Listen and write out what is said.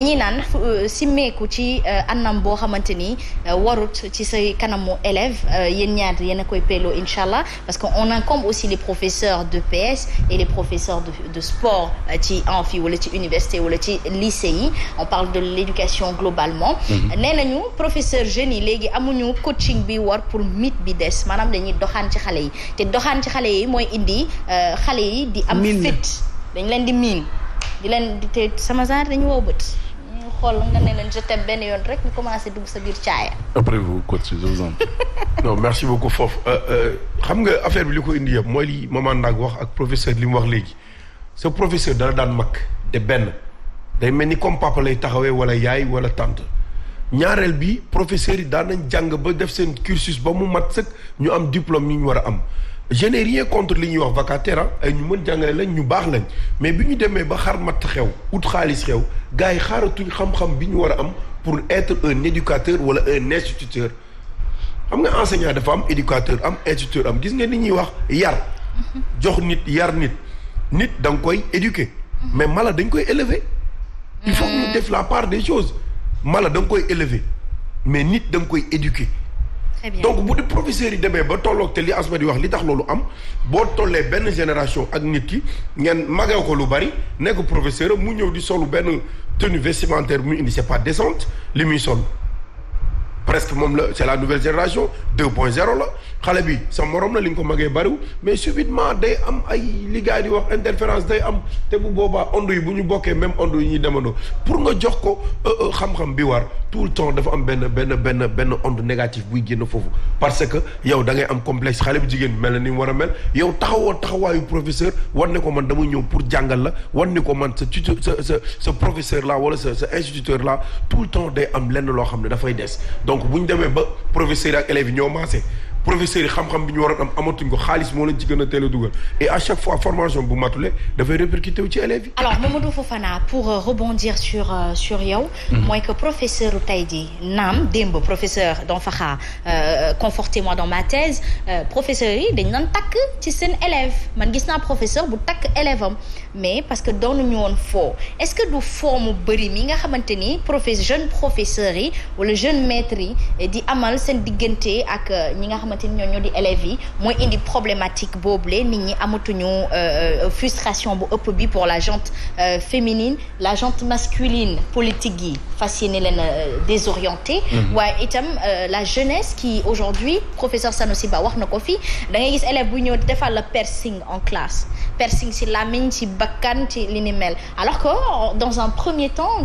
ñi naan euh, simmeeku ci euh, anam boo xamante ni euh, warut ci say kanamu élèves yéen ñaar yéen a koy peeloo incha allah parce que on incombe aussi les professeurs de PS et les professeurs de de sport ci amphi wala ci université wala ci lycée yi on parle de l'éducation globalement. Mm-hmm. nee nañu professeur jeunes yi léegi amuñu coaching bi war pour mit bi des maanaam dañuy doxaan ci xale yi te doxaan ci xale yi mooy indi xale yi. di am fit dañ leen di miin di leen te sama genre dañu wow bët. xool nga ne leen je t'aime benn yoon rek ñu commencé dugg sa biir caaya. après vous coach je vous en prie. non euh, euh, xam nga affaire bi li ko indi yëpp mooy li maman wax ak professeur li mu wax léegi sa professeur dana daan mag de benn day mel ni comme papa lay taxawee wala yaay wala tante ñaareel bi professeurs yi daan nañ jàng ba def seen cursus ba mu mat sëkk ñu am diplôme yi ñu war a am. je n'ai rien contre li ñuy wax vacataire ah. ay ñu mën jàngale lañ ñu baax lañ mais bi ñu demee ba xar matt xew ut xaalis xew gars yi xaaratuñ xam-xam bi ñu war a am pour être un éducateur wala un instituteur xam nga enseignant dafa am éducateur am instituteur am gis nga li ñuy wax yar jox nit yar nit nit da koy éduquer mais mala dañ koy élever il faut que ñu def des choses mala da nga koy élever mais nit da koy éduquer donc bu di professeurs yi demee ba tolloog te li asma di wax li tax loolu am boo tollee benn génération ak nit ki ngeen magee ko lu bari nekk professeur mu ñëw di solu benn tenue vestimentaire mu indi c'est pas décente li muy sol presque moom la c'est la nouvelle génération 2.0 la xale bi sa morom la li nga ko magee bariwul mais subitement day am ay liggéey di wax interférence day am te bu boobaa onde yi bu ñu bokkee même onde yi ñuy demandoo pour nga jox ko euh, euh, xam-xam bi war tout le temps dafa am benn benn benn benn onde négative buy génn foofu parce que yow da ngay am complexe xale bi jigéen mel na ni mu war a mel yow taxawoo taxawaayu professeur war ne ko man dama ñëw pour jàngal la war ne ko man sa tuteur sa sa sa professeur la wala sa sa instituteur la tout le temps day am lenn loo xam ne dafay des donc bu ñu demee ba professeurs yi ak élèves yi ñoo maase professeurs yi xam-xam bi ñu waroon am amatuñ ko xaalis moo leen ci gën a teel a dugal et à chaque fois formation bu matule dafay répercuté wu ci élèves yi. alors Mamadou Fofana pour euh, rebondir sur euh, sur yow. Mhm. mooy que professeur tey jii naam démb euh, takk ci seen élèves man gis naa professeur bu takk élève mais parce que doonuñu woon foo est-ce que du foo mu bëri mi nga xamante ni professeur jeune professeurs yi wala jeune maîtres yi di amal seen diggante ak ñi nga xamante xamante ni ñoo di élèves yi mooy indi problématique boobule nit ñi amatuñu euh, euh, frustration bu ëpp bi pour la gente euh, féminine la gente masculine politique yi fas yéene leen désorienté mhm. waaye itam la jeunesse qui aujourd'hui professeur Sanoussi Ba wax na ko fii da ngay gis élève bu ñëw defal la piercing en classe piercing ci làmmiñ ci bakkan ci li ni mel alors que dans un premier temps